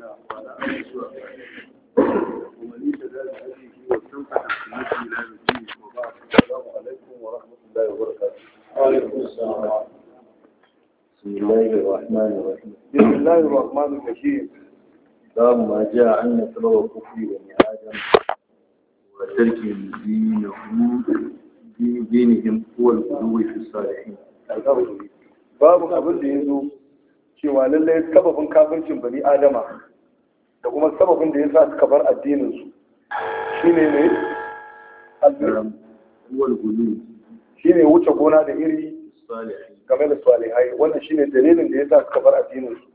بسم الله الرحمن الرحيم بسم الله الرحمن الرحيم باب ما جاء أن تلو الكفر بني آدم وترك دينهم دينهم هو الغلو في الصالحين babu abin da ya zo cewa lallai sababin kafircin bani adama da kuma sababin da ya sa suka bar addininsu su shine ne shi ne wuce gona da iri game da salihai wannan shi ne dalilin da ya sa suka bar addininsu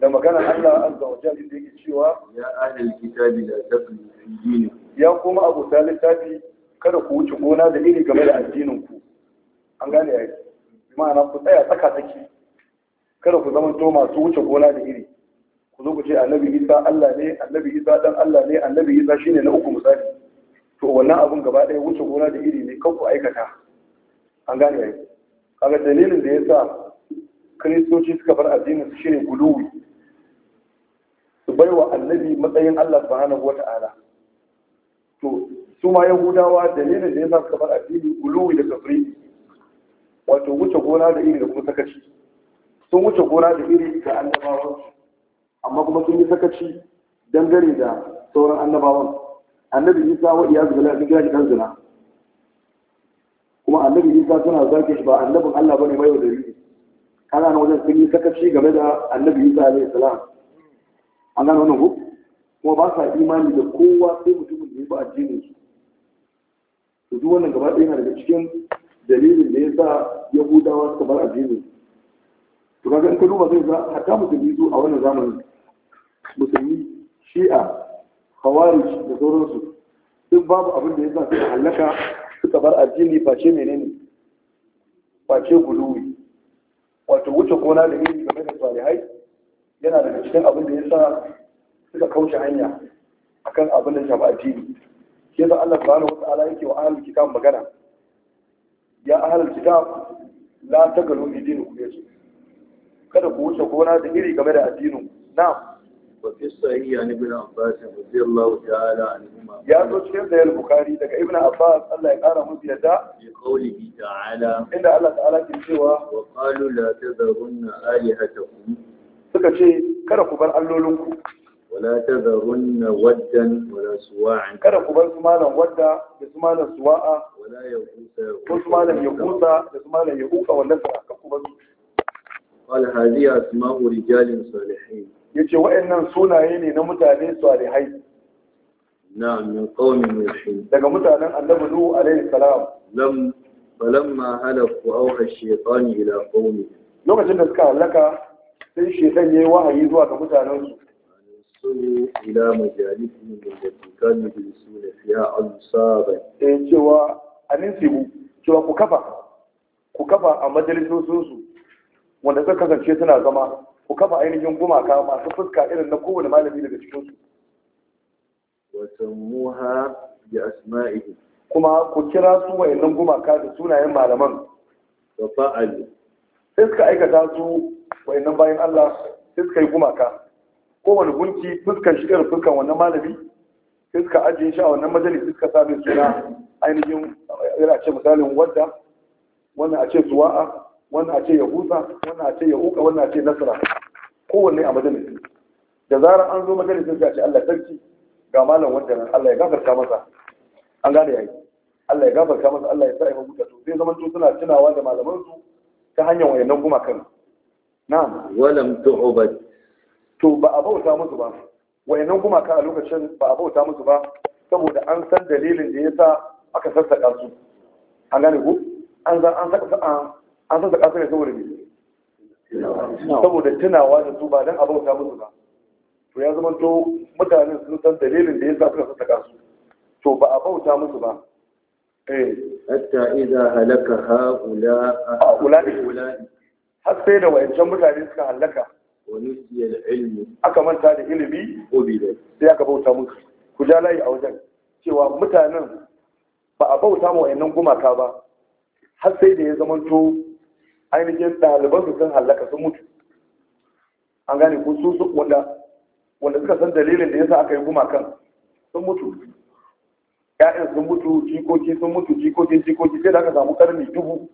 da magana Allah azza wa jalla da yake cewa ya ahlul kitabi la taqulu fi dinikum ya kuma abu littafi kada ku wuce gona da iri game da addinin ku an gane yayi ma'ana ku tsaya tsaka tsaki kada ku zama to masu wuce gona da iri ku zo ku ce annabi isa Allah ne annabi isa dan Allah ne annabi isa shine na uku misali to wannan abun gaba ɗaya wuce gona da iri ne kan ku aikata an gane yayi kaga dalilin da yasa kristoci suka bar addinin su shine guluwi su bai wa annabi matsayin Allah subhanahu wata'ala to su ma yahudawa dalilin da yasa suka bar addini guluwi da kafri, wato wuce gona da iri da kuma sakaci sun wuce gona da iri ga annabawansu amma kuma sun yi sakaci dangane da sauran annabawan annabi isa wa iya zula a cikin shi zina kuma annabi isa suna zarge shi ba annabin Allah bane mai wadari kana na wajen sun yi sakaci game da annabi isa mai salam an gano wannan ko kuma ba sa imani da kowa sai mutumin da ya bi addinin su to duk wannan gaba ɗaya na daga cikin dalilin da ya sa yahudawa suka bar addinin su to kaga in ka duba zai ga hatta mutum biyu a wannan zamanin musulmi shi'a khawarij da sauransu duk babu abin da ya sa a hallaka suka bar addini face menene face guduwi wato wuce gona da iri game da salihai yana daga cikin abin da ya sa suka kauce hanya akan abin da ya shafa addini shi za Allah subhanahu wa ta'ala yake wa ahlul kitab magana ya ahlul kitab la tagalu idinu ku yace kada ku wuce gona da iri game da addinin na'am wafi sahiya ni bin abbas rabbi allah ta'ala anhu ya zo cikin sahih bukhari daga ibn abbas allah ya kara musu yadda bi qawlihi ta'ala inda allah ta'ala ke cewa wa qalu la tadhurunna alihatakum suka ce kada ku bar allolinku ولا تذرن ودا ولا سواعا كره قبل سمالا ودا بسمالا سواعا ولا يغوث وسمالا يغوث بسمالا يغوث ولا تذرن قال هذه اسماء رجال صالحين ya ce wa'annan sunaye ne na mutane salihai na min qaumin yushin daga mutanen annabi nuhu alaihi salam lam falamma halaku awha shaytan ila qaumi lokacin da suka halaka sai shaytan yayi wahayi zuwa ga mutanen su sunu ila da allati kanu yusallu fiha al-saba sai eh, cewa aninsibu cewa ku kafa ku kafa a majalisin su wanda suka kasance suna zama ku kafa ainihin gumaka masu fuska irin na kowane malami daga cikinsu wasammuha bi asma'ihi kuma ku kira su wayannan gumaka da sunayen malaman wa fa'al sai suka aikata su wayannan bayan Allah sai suka yi gumaka kowane gunki fuskan shi irin fuskan wannan malami sai suka ajiye shi a wannan majalisi suka sami suna ainihin ira ce misalin wadda wannan a ce zuwa'a wannan a ce ya husa wannan a ce ya uka wannan a ce nasara kowanne a majalisi da zarar an zo majalisin sai a ce Allah sarki ga malam wanda nan Allah ya gafarta masa an gane yayi Allah ya gafarta masa Allah ya sa'i ya to sai zaman to suna tunawa da malaman su ta hanyar wayannan gumakan na'am walam tu'bad to ba a bauta musu ba wayannan gumakan a lokacin ba a bauta musu ba saboda an san dalilin da yasa aka sassaƙa su an gane ku an san an saka an san zakka ne saboda me saboda tunawa da su ba dan ta musu ba to ya zama to mutanen sun san dalilin da yasa suka saka su to ba a bauta musu ba eh hatta idza halaka haula haula har sai da wayancan mutane suka halaka wani aka manta da ilimi sai aka bauta musu ku ja layi a wajen cewa mutanen ba a bauta ma wayannan gumaka ba har sai da ya zamanto ainihin ɗaliban su sun hallaka sun mutu an gane ko su su wanda wanda suka san dalilin da yasa aka yi gumakan sun mutu ƴaƴan sun mutu jikoki sun mutu jikoki jikoki sai da aka samu karni dubu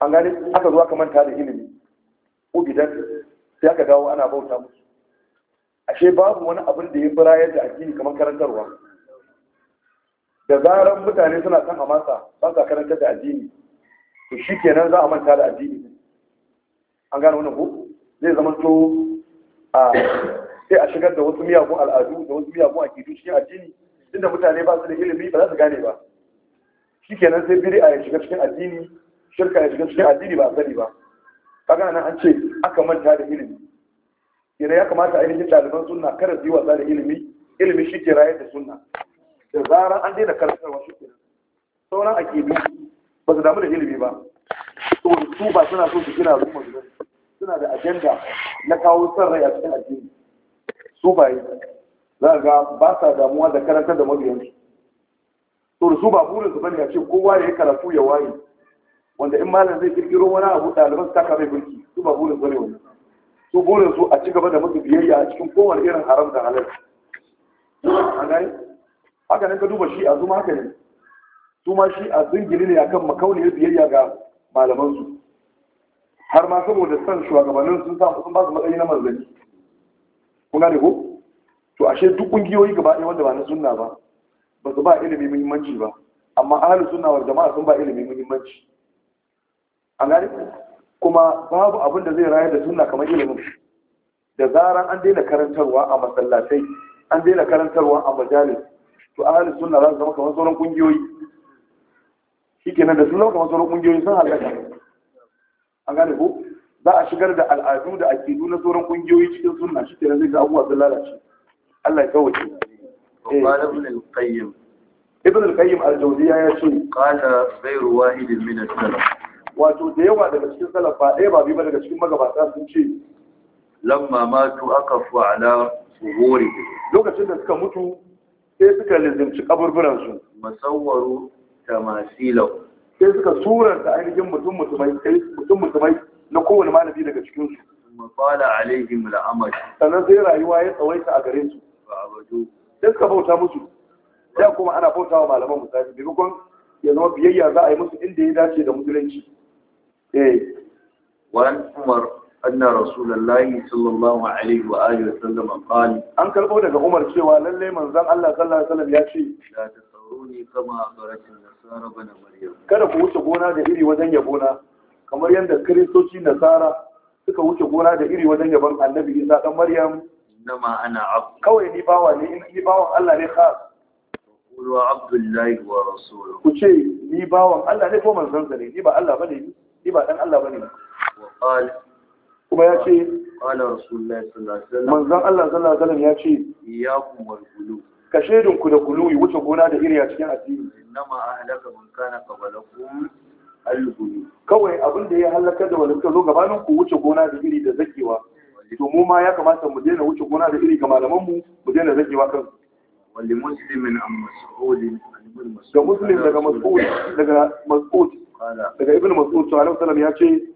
an gane aka zo aka manta da ilimi gidan sai aka dawo ana bauta musu ashe babu wani abin da ya fi rayar da addini kamar karantarwa da zarar mutane suna kan amasa ba sa karantar da addini to shi kenan za a manta da addini an gane wannan ko zai zama to a sai a shigar da wasu miyagun al'adu da wasu miyagun akidu cikin addini inda mutane ba su da ilimi ba za su gane ba shi kenan sai biri ya shiga cikin addini shirka ya shiga cikin addini ba a sani ba kaga nan an ce aka manta da ilimi kira ya kamata ainihin ɗaliban sunna kada su yi wasa da ilimi ilimi shi ke yadda da sunna da zarar an daina karantarwa shi kira sauran akidu ba su damu da ilimi ba saboda su ba suna so su gina al'umma su suna da ajanda na kawo son rai a cikin addini su ba yi za ga ba sa damuwa da karantar da mabiyansu to su ba burin su bane a ce kowa da ya karatu ya waye wanda in malam zai kirkiro wani abu ɗaliban su taka mai bulki su ba burin su ne wani su burin su a cigaba gaba da musu biyayya a cikin kowane irin haram da halal an haka nan ka duba shi a zuma haka ne su ma shi a zingiri ne akan makauniyar biyayya ga malamansu har ma saboda san shugabannin sun samu sun ba su matsayi na manzanni kun gane ko to ashe duk kungiyoyi gaba ɗaya wanda ba na sunna ba ba su ba ilimi muhimmanci ba amma ahli sunna wal jama'a sun ba ilimi muhimmanci an gane kuma babu abin da zai rayar da sunna kamar ilimin da zaran an daina karantarwa a masallatai an daina karantarwa a majalis to ahli sunna za su zama kamar sauran kungiyoyi shikenan da sun zama kamar sauran kungiyoyi sun halaka an gane ko za a shigar da al'adu da akidu nuna sauran ƙungiyoyi cikin sunna shi kenan zai ga abubuwa sun lalace Allah ya kawace eh. ibn al-qayyim ibn al-qayyim al-jawziya ya ce qala ghayru wahidin min as-salaf wato da yawa daga cikin salaf ba ɗaya ba biyu ba daga cikin magabata sun ce lamma matu aqafu ala suhuri lokacin da suka mutu sai suka lizimci kaburburan su masawwaru tamasilahu sai suka da ainihin eh, mutum mutumai na kowane malami daga cikinsu mafala alaihim al'amal sannan sai rayuwa ya tsawaita a gare su sai suka bauta musu Da kuma ana bauta wa malaman misali maimakon ya zama biyayya za a yi musu inda ya dace da musulunci eh wani umar أن رسول الله صلى الله عليه وآله وسلم قال أن كربو دغ عمر cewa lalle manzon Allah sallallahu alaihi wasallam ya ce la tasawruni kama akharatin nasara bana maryam kada ku wuce gona da iri wajen yabona kamar yadda kristoci nasara suka wuce gona da iri wajen yaban annabi Isa dan Maryam nama ana abu. kawai ni bawa ne ni bawan Allah ne khas qulu abdullahi wa rasuluhu ku ce ni bawan Allah ne ko manzon sa ne ni ba Allah bane ni ba dan Allah bane wa qala kuma ya ce manzan Allah sallallahu alaihi ya ce ya kumar gulu ka shaidinku da gulu yi wuce gona da iri a cikin addini innama ahlaka man kana qablakum al kawai abin da ya halaka da wani suka zo gabanin ku wuce gona da iri da zakewa to mu ma ya kamata mu daina wuce gona da iri ga malaman mu mu daina zakewa kan wal muslimin am mas'ulin muslim daga Mas'ud daga daga ibn mas'ud sallallahu alaihi wasallam ya ce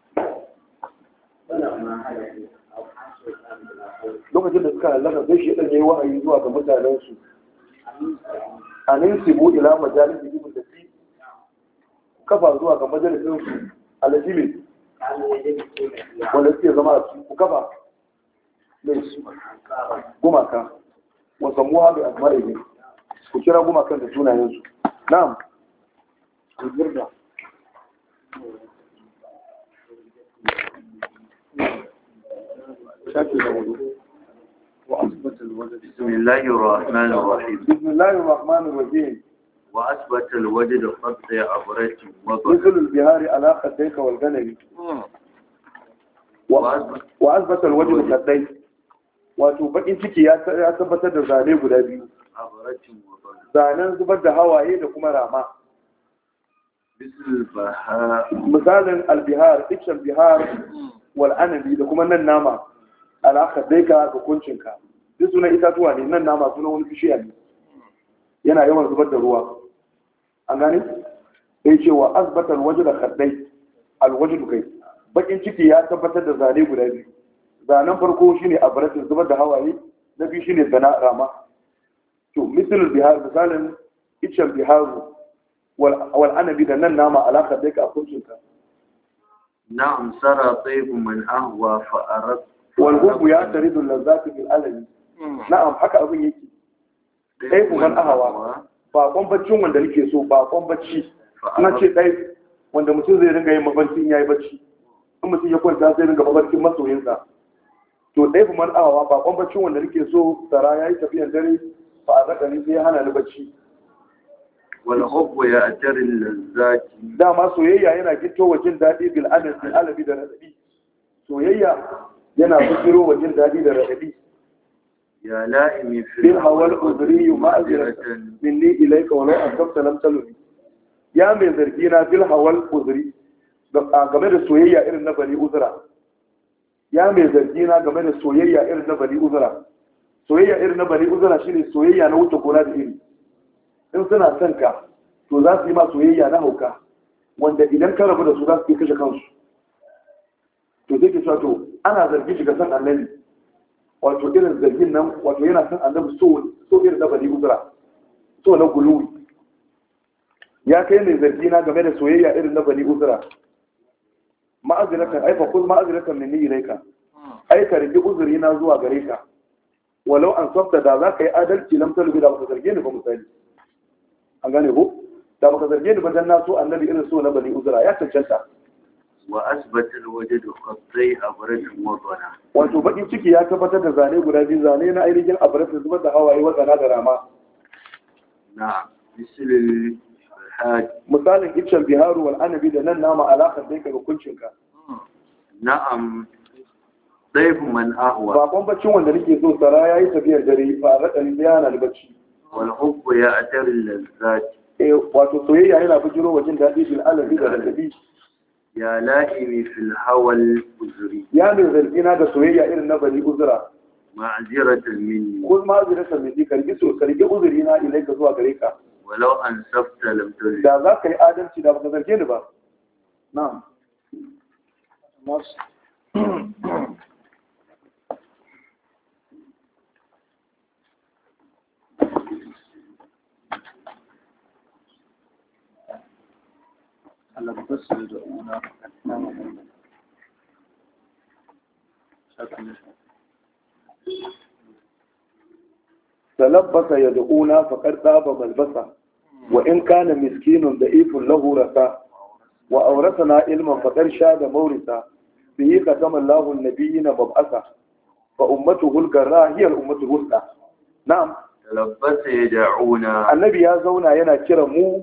lokacin da suka halaka zai shi ɗanye wa'ayi zuwa ga mutanensu a nan bu ila majalis ibu da fi kafa zuwa ga majalisinsu alajibin wanda suke zama a Ku kafa mai gumaka wasan muha bai asma ne ku kira gumakan da sunayensu na'am shafi da وأثبت الوجد بسم الله الرحمن الرحيم بسم الله الرحمن الرحيم وأثبت الوجد خط عبرة وضع مثل البهار على خديك والغنم وأثبت الوجد خديك wato bakin ciki ya tabbatar da zane guda biyu zanen zubar da hawaye da kuma rama misalin albihar ikshan bihar hmm. wal'anabi da kuma nan nama alaƙar dai ka ga kuncinka duk suna itatuwa ne nan nama suna wani bishiya ne yana yawan zubar da ruwa an gani? sai ce wa azbatar waje da kaddai alwaje dukai bakin ciki ya tabbatar da zane guda biyu zanen farko shine abaratin zubar da hawaye na biyu shine zana rama to misalin bihar misalin icen bihar wal anabi da nan nama alaƙar dai ka hukuncinka na'am sara tsaye man ahwa fa aradtu wal hubbu ya taridu lazzati bil alami hmm. na'am haka abin yake dai kuman ahawa ba kwambacin wanda nake so ba kwambaci na ce ɗaya. wanda mutum zai ringa yin mafarkin yi bacci in mutum ya kwanta zai ringa mafarkin masoyinsa to dai kuman ahawa ba kwambacin wanda nake so tsara ya yi tafiyar dare ba a zakari sai hana ni bacci wal hubbu ya ajri lazzati dama soyayya yana gito wa jin daɗi bil alabi da ɗabi. soyayya yana bujiro wa jin daɗi da raɗaɗi ya la'imi fil hawal uzri min minni ilayka wa la asabta lam taluni ya mai zargi na fil hawal uzri game da soyayya irin na bani uzra ya mai zargi na game da soyayya irin na bani uzra soyayya irin na bani uzra shine soyayya na wuta gona da iri in suna son ka to za su yi ma soyayya na hauka wanda idan ka rabu da su za su iya kashe kansu to zai ke sa to ana zargi shiga san annabi wato irin zargin nan wato yana san annabi so so irin da bani uzra so na guluwi ya kai mai zargi na game da soyayya irin na bani uzra ma'aziratan aifa kul ma'azinatan minni ilayka ai ka rigi uzuri na zuwa gare ka walau an sabta da za ka yi adalci lam talbi da baka zarge ni ba misali an gane ko da baka zarge ni ba dan na so annabi irin so na bani uzra ya cancanta wa asbatal wajadu khattai abratin wadana wato bakin ciki ya tabbatar da zane guda biyu zane na ainihin abratin zubar da hawaye wadana da rama na misalin misalin iccen biharu wal anabi da nan nama alakan dai kaga kuncinka na'am daifin man ahwa ba bambacin wanda nake so sara yayi tafiyar dare ba raɗani da yana da bacci wal hubbu ya atar lazzat eh, wato soyayya yana bujiro jin daɗi bil alabi da ladabi ya la'imi fil hawal uzuri ya mai zargina da soyayya irin na bari uzura ma'aziratan minni kun ma'aziratan minni karbi so karbi uzuri na ilai ka zuwa gare ka walau an safta lam tuzri da za ka yi adalci da baka zarge ni ba na'am البصر دعونا تلبس يدعونا فقد طاب ملبسا وإن كان مسكين ضعيف له رثاء وأورثنا علما فقد شاد مورثا به ختم الله النبيين مبعثا فأمته الجراء هي الأمة الوسطى نعم تلبس يدعونا النبي يا زونا ينا كرمو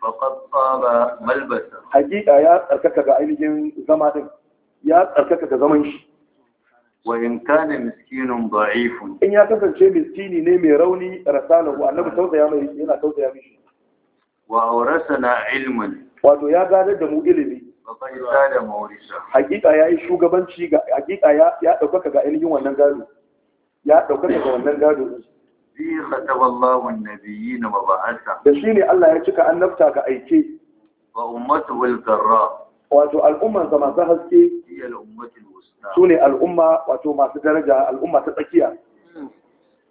faqad saba malbasa hakika ya tsarkaka ga ainihin zama din ya tsarkaka ga zaman shi wa in kana miskinun da'ifun in ya kasance miskini ne mai rauni rasalahu annabi tausaya mai yana tausaya mishi wa na ilmin. wato ya gadar da mu ilimi hakika ya yi shugabanci ga hakika ya ɗaukaka ga ainihin wannan gado ya ɗaukaka ga wannan gado bi khataballahu an-nabiyyin wa ba'atha da shine Allah ya cika annabta ka aike wa ummatu wal garra wato al'umman sa masu haske hiya sune al'umma wato masu daraja al'umma ta tsakiya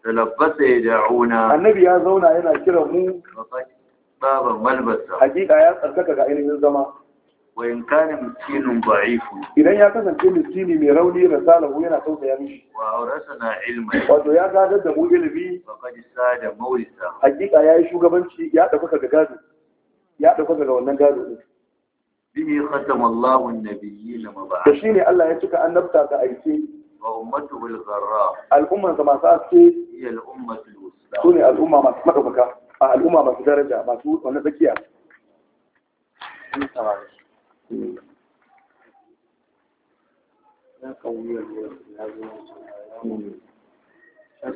talabbasa yad'una annabi ya zauna yana kiran mu faqad baba malbasa hakika ya tsarkaka ga ainihin zama wa in kana miskinun da'ifu idan ya kasance miskini mai rauni Salahu yana tausaya mishi wa awrasana ilma wato ya gadar da mu ilimi wa qad sada mawlisa hakika yayi shugabanci ya dauka ga gado ya dauka ga wannan gado din bihi khatama Allahu an-nabiyyin maba'a da shine Allah ya cika annabta ga aike wa ummatu bil gharra al-umma kama sa ce ya al-umma al a al'umma masu daraja masu tsakiya Thank you. بسم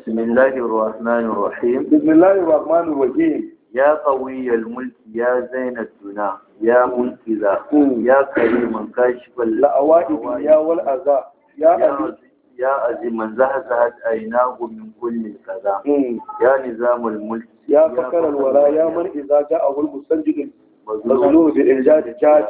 الله الرحمن الرحيم بسم الله الرحمن الرحيم يا قوي الملك يا زين الدنا يا ملك ذا يا كريم كاشف الأوائب يا والأذى يا يا عزيز من زهزهت عيناه من كل كذا يا نظام الملك يا فكر الولاء يا من إذا جاءه المستنجد مظلوم بالإنجاز جاد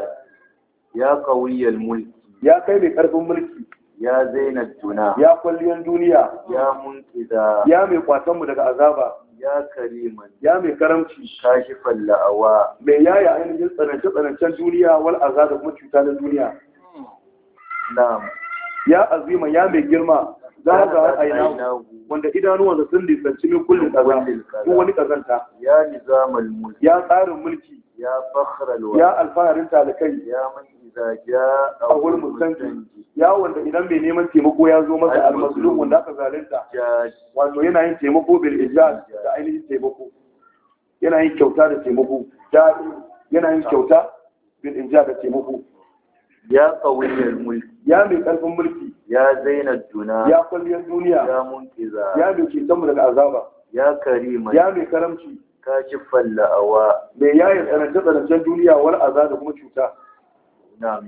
ya kawiyar mulki ya kai mai karfin mulki ya zainab juna ya kwalliyan duniya ya munkida ya mai kwasan mu daga azaba ya kariman ya mai karamci kashi falla'awa mai yaya ainihin tsanance tsanancen duniya wal azaba kuma cuta na duniya hmm. na'am ya azima ya mai girma Za zaga aina wanda idanuwansa sun nisanci min kullum kaza ko wani kazanta ya nizamul mulki ya tsarin mulki ya fakhral ya alfaharin talakai ya man idza jaa wurin mustanji ya wanda idan mai neman taimako ya zo masa almaslum wanda aka zalunta wato yana yin taimako bil ijaz da ainihin taimako yana yin kyauta da taimako yana yin kyauta bil ijaz da taimako ya qawiyyal mulki ya mai karfin mulki ya zainab juna ya kwalliyar duniya ya munkiza ya mai cetonmu daga azaba ya karima ya mai karamci ka ci falla'awa mai yayin tsanance tsanancen duniya wani aza da kuma cuta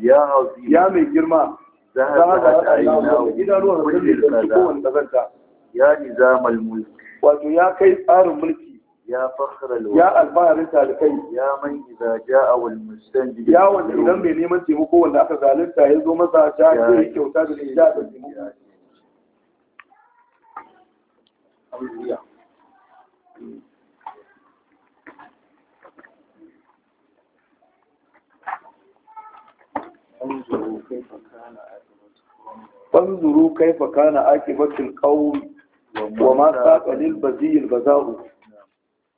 ya hauzi ya mai girma za a ga ayyana idanuwa da kuma da kowane kazanta ya nizamal mulki wato ya kai tsarin mulki يا فخر الوالد يا الفاهر تالكي يا من إذا جاء والمستنجد يا وان إذا من يمن تيمكو وان أخذ ذلك يزو مزا جاء وتاد الإجابة فانظروا كيف كان عاقبة القوم وما ساق للبذيء البذاء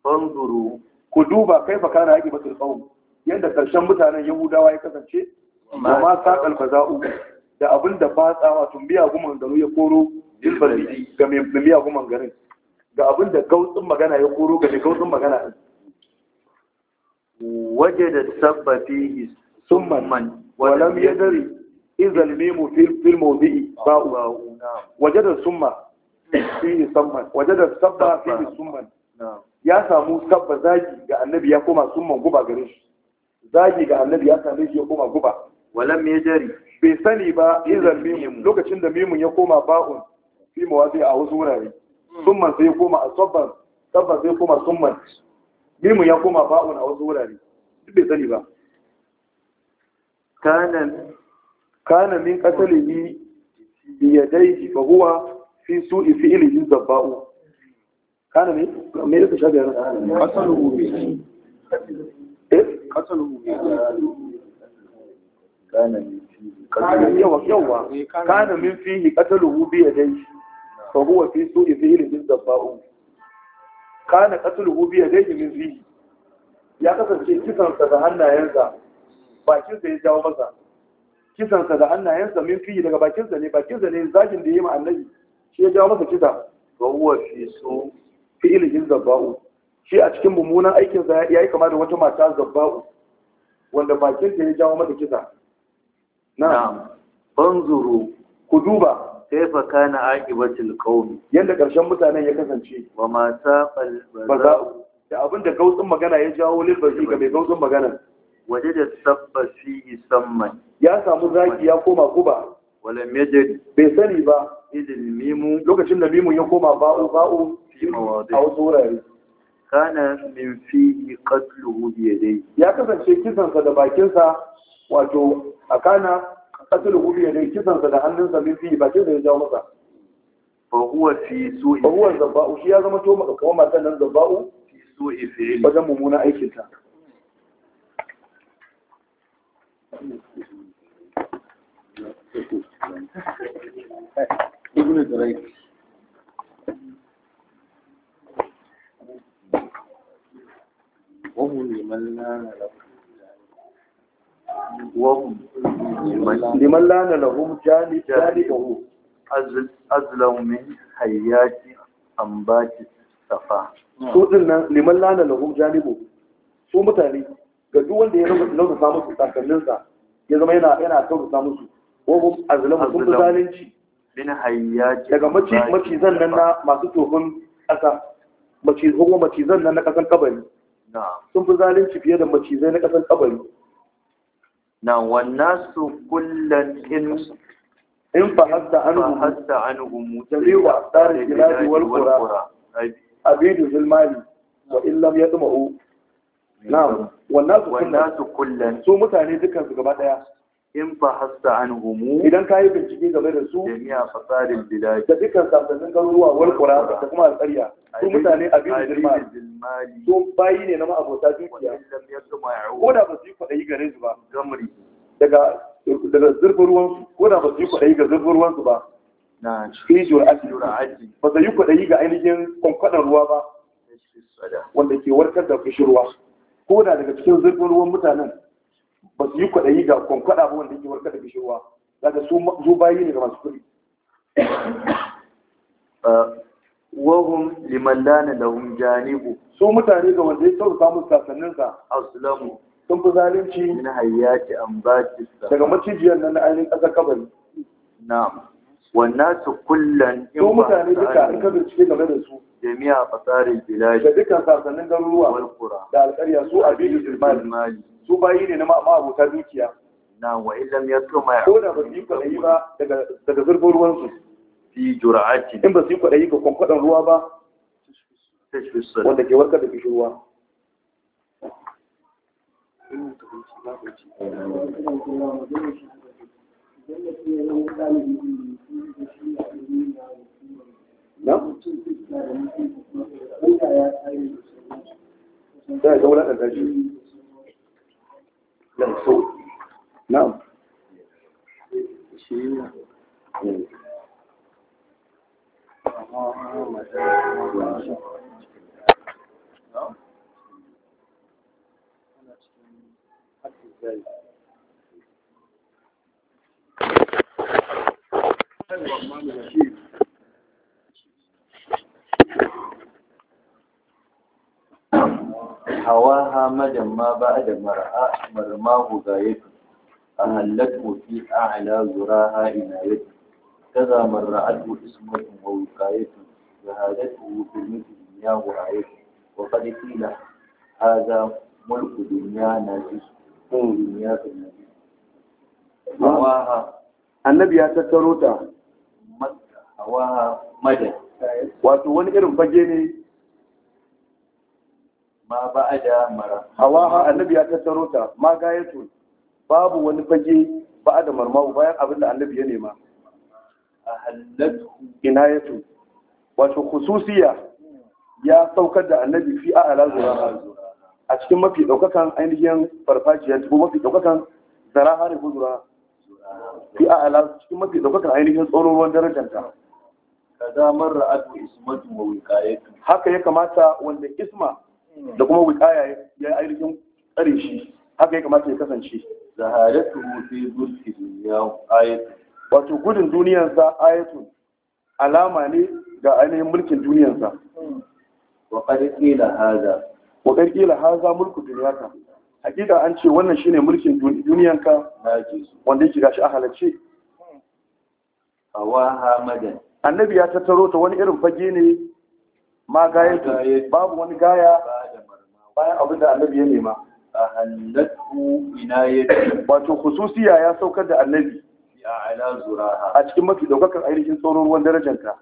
fanzuru ku duba kai fa kana yaki batul qawm yanda karshen mutanen yahudawa ya kasance amma saqal faza'u da abin da fatsa wato biya guman garu ya koro ilbali ga mai biya guman garin ga abin da gautsin magana ya koro ga mai gautsin magana waje da sabba fihi summan walam yadri izal mimu fil mawdi'i ba'u waje da summa fihi summan waje sabba fihi summan ya samu sabba zagi ga annabi ya koma summan guba gare shi zagi ga annabi ya same shi ya koma guba walam me jari bai sani ba izan mimun lokacin da mimun ya koma ba'un fi mawazi a wasu wurare hmm. summan sai ya koma a sabban sabban sai ya koma summan mimun ya koma ba'un a wasu wurare duk bai sani ba kanan kana min qatalihi bi yadayhi fa huwa fi su'i fi'lihi zabba'u kana ne eh? min yawa yawa eh, kana min fihi qataluhu bi huwa fi su'i fi'li min dabba'u kana qataluhu bi yadayhi min fihi ya kasance kisansa da hannayensa bakinsa ya jawo masa kisansa da hannayensa min fihi daga bakinsa ne bakinsa ne zagin da ya yi ma shi ya jawo masa kisa fa huwa fi fi'ilihin zabba'u shi a cikin mummunan aikinsa ya yi kama da wata mata zabba'u wanda bakinta ya jawo mata kisa na banzuru ku duba kaifa kana aqibatul qawm yanda karshen mutanen ya kasance wa ma da abin da abinda gautsin magana ya jawo lilbazi ga mai gautsin magana waje da tabbasi isamman ya samu zaki ya koma guba walam yajid bai sani ba idin mimu lokacin da mimu ya koma ba'u ba'u fi mawadi a wasu wurare kana min fihi qatluhu bi yadayhi ya kasance kisansa da bakinsa wato akana qatluhu bi yadayhi kisansa da hannunsa min bakin bakinsa ya jawo masa fa huwa fi su'i fa huwa zabba'u shi ya zama to kamar matan nan zabba'u fi su'i fi'li wajen mummunan aikinta ibn Durayk وهم لمن لان لهم جانب جانبه أزلوا من حيات أنبات الصفا لمن su mutane ga duk wanda ya musu takallinsa ya zama yana yana musu wahum azlamu sun fi zalunci daga maci nan na masu tofin ƙasa kuma macizan nan na ƙasan kabari sun fi zalunci fiye da macizai na ƙasan kabari na wannan su kullum in in fahasta an fahasta an umu jami'a tsarin gilabi wal kura abidu hilmali wa illam ya tsuma'u na wannan su kullum su mutane dukkan su gaba ɗaya in ba hasta an humu idan ka yi bincike game da su jami'a fasarin bilad da dukkan sabannin garuruwa wal qura da kuma alƙarya su mutane a abin jirmali su bayi ne na ma'abota dukiya ko da ba su yi kwaɗayi gare su ba daga daga zurfin ruwan su, ko da ba su yi kwaɗayi ga zurfin ruwan su ba na shijiyar aji ba su yi kwaɗayi ga ainihin kwankwaɗan ruwa ba wanda ke warkar da kishirwa ko da daga cikin zurfin ruwan mutanen ba su yi kwaɗayi ga kwankwada ba wanda yake warkar da gishirwa daga su bayi ne ga masu kuɗi uh, wahum liman lana lahum janibu su mutane ga wanda ya sauka musu kasannin sa aslamu sun fi zalunci na hayyati ambati daga macijiyar nan na ainihin ƙasar kabari na'am wannan su kullan in ba mutane duka in ka bincike game da su jami'a fasarin bilashi da dukkan sasannin garuruwa da alƙarya su abin mali su bayi ne na abota dukiya na wa idan ya tuma ko da ba su yi kwaɗayi ba daga zurbin ruwansu fi jura'ati in ba su yi kwaɗayi ga kwankwaɗan ruwa ba wanda ke warkar da kishirwa na? da ya ga wulatar tashi mansur na'am shi Thank you. hawaha majamma ba da mar'a marmahu ga yake a hallatu fi a'la zuraha ina yake kaza man ra'atu ismatun wa wiqayatu shahadatu fi mithli dunya wa ayatu wa qad qila hadha mulku duniya dunya najis ko dunya najis hawaha annabi ya tattaro ta hawaha madan wato wani irin fage ne ma ba da mara hawa annabi ya tattaro ta ma gayatu babu wani fage ba da marmawu bayan abin da annabi ya nema A Ina ya inayatu wato khususiya ya saukar da annabi fi a'la zuraha a cikin mafi daukakan ainihin farfajiyar ko mafi daukakan zara hari huzura fi a a'la cikin mafi daukakan ainihin tsoron darajanta kaza mara adu ismatu wa wiqayatu haka ya kamata wanda isma da kuma wikaya ya yi ainihin tsare shi haka ya kamata ya kasance da hayatu fi gudun duniya ayatu wato gudun duniyarsa ayatu alama ne ga ainihin mulkin duniyarsa wa qila haza. wa qila haza mulku duniyarka hakika an ce wannan shine mulkin duniyanka wanda yake gashi a halarci awa hamadan annabi ya tattaro ta wani irin fage ne ma gayatu babu wani gaya bayan abin da annabi ya nema A ina inayati wato khususiya ya saukar da annabi a cikin mafi daukakar ainihin tsoron ruwan darajanka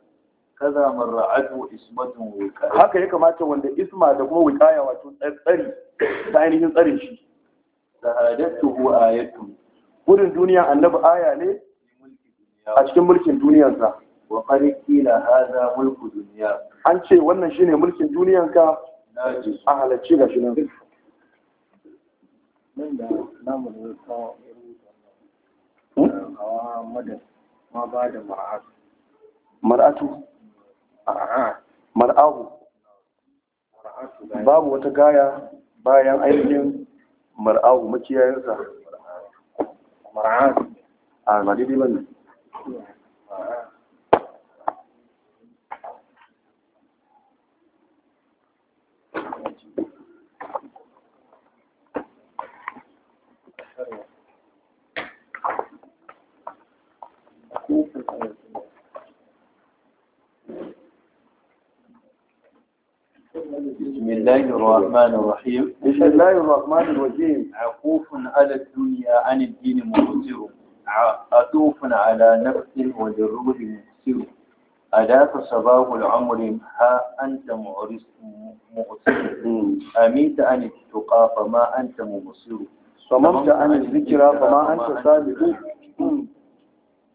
kaza mar'atu ismatun wuƙa. haka ya kamata wanda isma da kuma wiqaya wato tsari ta ainihin tsarin shi sahadatuhu ayatu gudun duniya annabi aya ne a cikin mulkin duniyarsa wa qad qila hadha mulku dunya an ce wannan shine mulkin duniyarka an halarci ga shi nan da namu ma ba da mar'atu mar'atu mar'ahu babu wata gaya bayan ainihin mar'ahu makiyayensa mar'atu a madidi ba الله الرحمن الرحيم بسم الله الرحمن الرحيم عقوف على الدنيا عن الدين مبصر عطوف على نفس وجرود مبصر أداك صباح العمر ها أنت معرس مؤسر أميت عن التقى فما أنت مبصر صممت عن الذكرى فما أنت صادق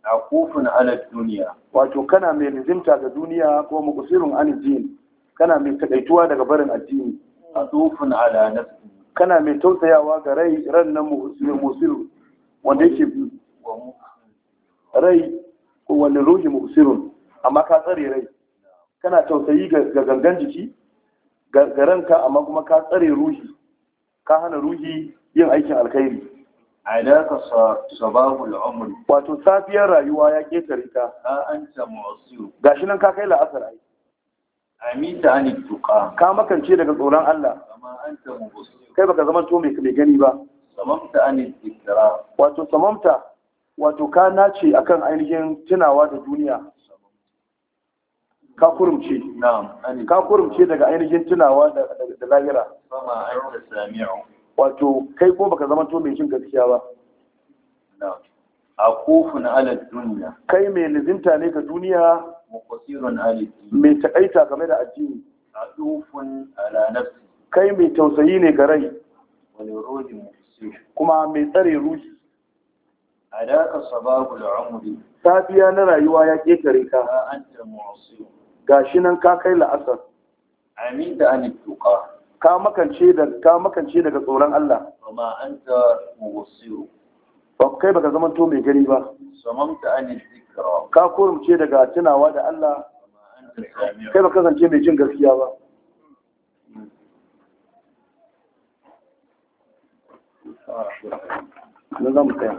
عقوف على الدنيا وتكنا من لزمت على الدنيا ومقصر عن الدين kana mai takaituwa daga barin addini tsofin ala nafsi kana mai tausayawa ga rai ran nan musiru wanda yake rai ko wani ruhi musirun amma ka tsare rai kana tausayi ga gangan jiki ga ranka amma kuma ka tsare ruhi ka hana ruhi yin aikin alkhairi adaka sababu al'amuri wato safiyar rayuwa ya ketare ta a anta mu'sir gashi nan ka kai la'asar ai amita an tuqa ka makance daga tsoron Allah amma anta kai baka zama to mai gani ba samamta an dhikra wato samamta wato ka nace akan ainihin tunawa da duniya ka kurumce ka kurumce daga ainihin tunawa da lahira anta sami'u wato kai ko baka zama to mai jin gaskiya ba a kofin ala duniya kai mai lizinta ne ga duniya mai taƙaita game da addini kai mai tausayi ne ga rai kuma mai tsare ruhi adaka sababul umri safiya na rayuwa ya ƙetare ka gashi nan ka kai la'asar amin da an tuqa ka makance daga tsoron Allah kuma anta muwassiru ba kai baka zaman to mai gari ba samamta an zikra ka kurumce daga tunawa da Allah kai baka kasance mai jin gaskiya ba na zamu kai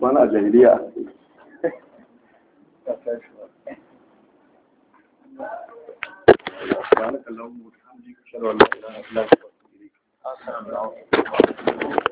kwana a jahiliya سبحانك اللهم وبحمدك اشهد ان لا اله الا انت استغفرك واتوب اليك